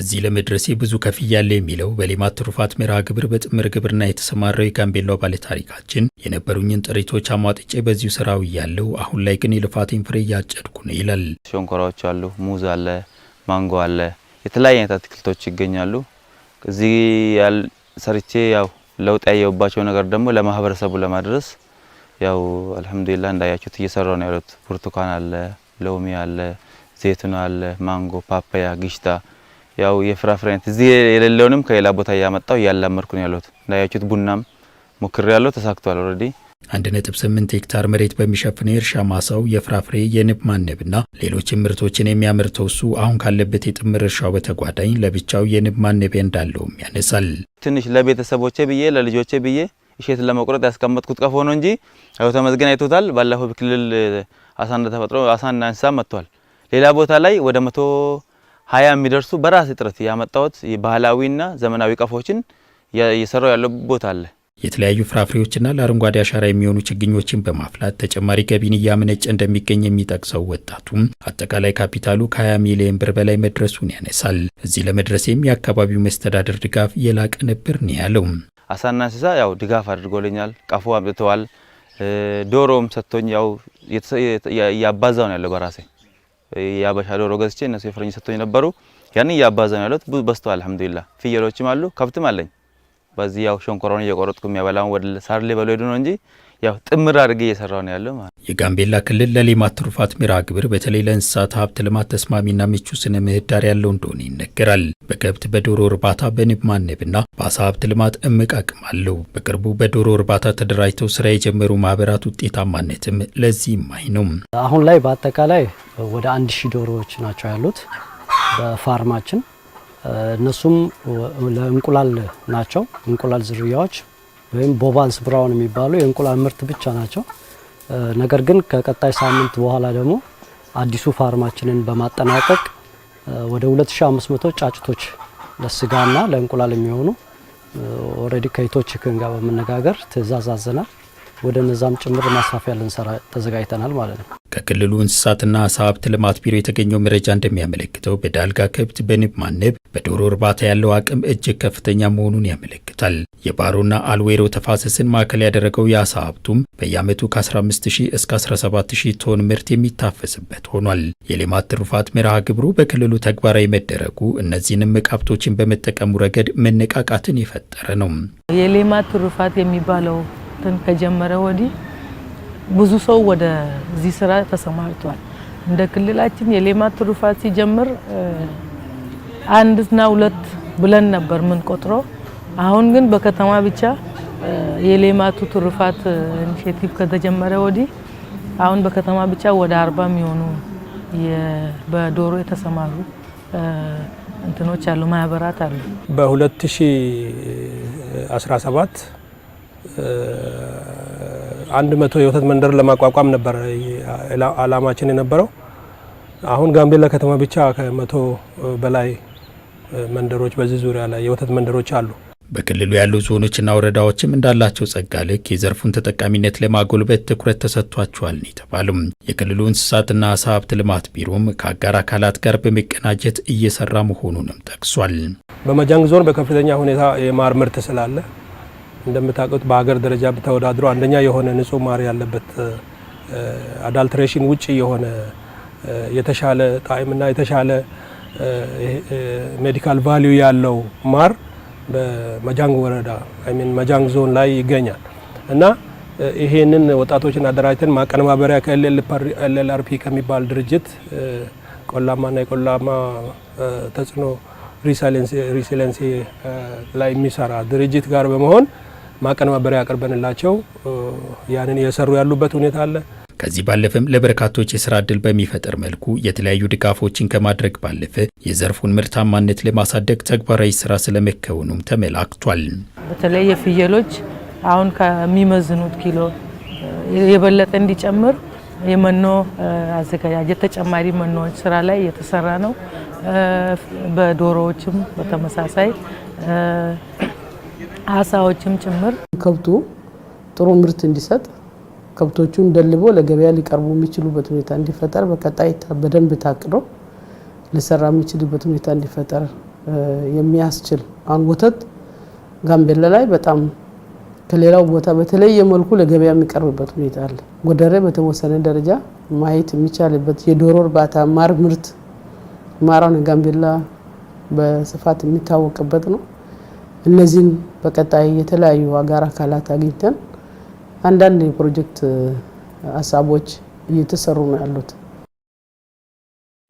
እዚህ ለመድረሴ ብዙ ከፍያለሁ የሚለው በሌማት ትሩፋት መርሃ ግብር በጥምር ግብርና የተሰማራው የጋምቤላው ባለታሪካችን የነበሩኝን ጥሪቶች አሟጥጬ በዚሁ ስራዊ እያለው አሁን ላይ ግን የልፋቴን ፍሬ እያጨድኩ ነው ይላል። ሸንኮራዎች አሉ፣ ሙዝ አለ፣ ማንጎ አለ፣ የተለያዩ አይነት አትክልቶች ይገኛሉ። እዚህ ሰርቼ ያው ለውጥ ያየውባቸው ነገር ደግሞ ለማህበረሰቡ ለማድረስ ያው አልሐምዱሊላ እንዳያችሁት እየሰራ ነው ያሉት። ብርቱካን አለ፣ ሎሚ አለ፣ ዘይቱን አለ፣ ማንጎ፣ ፓፓያ፣ ግሽታ ያው የፍራፍሬ አይነት እዚህ የሌለውንም ከሌላ ቦታ እያመጣው እያላመድኩ ነው ያለሁት። እንዳያችሁት ቡናም ሞክሬ ያለው ተሳክቷል። ኦልሬዲ 1.8 ሄክታር መሬት በሚሸፍን የእርሻ ማሳው የፍራፍሬ የንብ ማነብና ሌሎችም ምርቶችን የሚያመርተው እሱ አሁን ካለበት የጥምር እርሻው በተጓዳኝ ለብቻው የንብ ማነቢያ እንዳለውም ያነሳል። ትንሽ ለቤተሰቦቼ ብዬ ለልጆቼ ብዬ እሸት ለመቁረጥ ያስቀመጥኩት ቀፎ ነው እንጂ ያው አይቶታል። ባለፈው ክልል አሳና ተፈጥሮ አሳና እንስሳ መጥቷል። ሌላ ቦታ ላይ ወደ መቶ ሀያ የሚደርሱ በራሴ ጥረት ያመጣሁት ባህላዊና ዘመናዊ ቀፎችን እየሰራው ያለው ቦታ አለ። የተለያዩ ፍራፍሬዎችና ለአረንጓዴ አሻራ የሚሆኑ ችግኞችን በማፍላት ተጨማሪ ገቢን እያመነጨ እንደሚገኝ የሚጠቅሰው ወጣቱም አጠቃላይ ካፒታሉ ከ20 ሚሊዮን ብር በላይ መድረሱን ያነሳል። እዚህ ለመድረሴም የአካባቢው መስተዳደር ድጋፍ የላቀ ነበር ነው ያለው። አሳና እንስሳ ያው ድጋፍ አድርጎልኛል። ቀፎ አምጥተዋል። ዶሮም ሰጥቶኝ ያው እያባዛው ነው ያለው በራሴ የአበሻ ዶሮ ገዝቼ እነሱ የፈረንጅ ሰጥቶኝ ነበሩ። ያን እያባዛ ነው ያሉት። ብዙ በዝተዋል። አልሐምዱሊላህ ፍየሎችም አሉ ከብትም አለኝ። በዚህ ያው ሸንኮራውን እየቆረጥኩ የሚያበላውን ወደ ሳር ሊበሉ ሄዱ ነው እንጂ ያው ጥምር አድርጌ እየሰራው ነው ያለው ማለት። የጋምቤላ ክልል ለሌማት ትሩፋት ሚራ ግብር በተለይ ለእንስሳት ሀብት ልማት ተስማሚና ምቹ ስነ ምህዳር ያለው እንደሆነ ይነገራል። በከብት በዶሮ እርባታ፣ በንብ ማነብና በአሳ ሀብት ልማት እምቅ አቅም አለው። በቅርቡ በዶሮ እርባታ ተደራጅተው ስራ የጀመሩ ማህበራት ውጤታማነትም ለዚህ ማይ ነው። አሁን ላይ በአጠቃላይ ወደ አንድ ሺህ ዶሮዎች ናቸው ያሉት በፋርማችን እነሱም ለእንቁላል ናቸው። እንቁላል ዝርያዎች ወይም ቦባንስ ብራውን የሚባሉ የእንቁላል ምርት ብቻ ናቸው። ነገር ግን ከቀጣይ ሳምንት በኋላ ደግሞ አዲሱ ፋርማችንን በማጠናቀቅ ወደ 2500 ጫጭቶች ለስጋና ለእንቁላል የሚሆኑ ኦልሬዲ ከይቶች ክን ጋር በመነጋገር ትእዛዝ አዘናል። ወደ ነዛም ጭምር ማስፋፊያ ልንሰራ ተዘጋጅተናል ማለት ነው። ከክልሉ እንስሳትና አሳ ሀብት ልማት ቢሮ የተገኘው መረጃ እንደሚያመለክተው በዳልጋ ከብት፣ በንብ ማነብ፣ በዶሮ እርባታ ያለው አቅም እጅግ ከፍተኛ መሆኑን ያመለክታል። የባሮና አልዌሮ ተፋሰስን ማዕከል ያደረገው የአሳ ሀብቱም በየዓመቱ ከ15000 እስከ 17000 ቶን ምርት የሚታፈስበት ሆኗል። የሌማት ትሩፋት መርሃ ግብሩ በክልሉ ተግባራዊ መደረጉ እነዚህንም እምቅ በመጠቀሙ ረገድ መነቃቃትን የፈጠረ ነው። የሌማት ትሩፋት የሚባለው እንትን ከጀመረ ወዲህ ብዙ ሰው ወደዚህ ስራ ተሰማርቷል። እንደ ክልላችን የሌማት ትሩፋት ሲጀምር አንድና ሁለት ብለን ነበር ምን ቆጥሮ አሁን ግን በከተማ ብቻ የሌማቱ ትሩፋት ኢኒሼቲቭ ከተጀመረ ወዲህ አሁን በከተማ ብቻ ወደ አርባ የሚሆኑ በዶሮ የተሰማሩ እንትኖች አሉ፣ ማህበራት አሉ። በ2017 አንድ መቶ የወተት መንደር ለማቋቋም ነበር አላማችን የነበረው። አሁን ጋምቤላ ከተማ ብቻ ከመቶ በላይ መንደሮች በዚህ ዙሪያ ላይ የወተት መንደሮች አሉ። በክልሉ ያሉ ዞኖችና ወረዳዎችም እንዳላቸው ጸጋ ልክ የዘርፉን ተጠቃሚነት ለማጎልበት ትኩረት ተሰጥቷቸዋል ነው የተባሉም። የክልሉ እንስሳትና ዓሳ ሀብት ልማት ቢሮም ከአጋር አካላት ጋር በመቀናጀት እየሰራ መሆኑንም ጠቅሷል። በመጃንግ ዞን በከፍተኛ ሁኔታ የማር ምርት ስላለ እንደምታውቁት በሀገር ደረጃ ተወዳድሮ አንደኛ የሆነ ንጹህ ማር ያለበት አዳልትሬሽን ውጭ የሆነ የተሻለ ጣዕምና የተሻለ ሜዲካል ቫሊዩ ያለው ማር በመጃንግ ወረዳ ሚን መጃንግ ዞን ላይ ይገኛል እና ይሄንን ወጣቶችን አደራጅተን ማቀነባበሪያ ከኤልኤልአርፒ ከሚባል ድርጅት ቆላማና የቆላማ ተጽዕኖ ሪሲለንሲ ላይ የሚሰራ ድርጅት ጋር በመሆን ማቀነባበሪያ አቅርበንላቸው ያንን እየሰሩ ያሉበት ሁኔታ አለ። ከዚህ ባለፈም ለበርካቶች የስራ ዕድል በሚፈጥር መልኩ የተለያዩ ድጋፎችን ከማድረግ ባለፈ የዘርፉን ምርታማነት ለማሳደግ ተግባራዊ ስራ ስለመከወኑም ተመላክቷል። በተለይ የፍየሎች አሁን ከሚመዝኑት ኪሎ የበለጠ እንዲጨምር የመኖ አዘገጃጀት ተጨማሪ መኖዎች ስራ ላይ እየተሰራ ነው። በዶሮዎችም በተመሳሳይ አሳዎችም ጭምር ከብቱ ጥሩ ምርት እንዲሰጥ ከብቶቹን ደልቦ ለገበያ ሊቀርቡ የሚችሉበት ሁኔታ እንዲፈጠር በቀጣይ በደንብ ታቅዶ ሊሰራ የሚችልበት ሁኔታ እንዲፈጠር የሚያስችል አሁን ወተት ጋምቤላ ላይ በጣም ከሌላው ቦታ በተለየ መልኩ ለገበያ የሚቀርብበት ሁኔታ አለ። ጎደሬ በተወሰነ ደረጃ ማየት የሚቻልበት የዶሮ እርባታ ማር ምርት ማራን ጋምቤላ በስፋት የሚታወቅበት ነው። እነዚህን በቀጣይ የተለያዩ አጋር አካላት አግኝተን አንዳንድ የፕሮጀክት ሀሳቦች እየተሰሩ ነው ያሉት።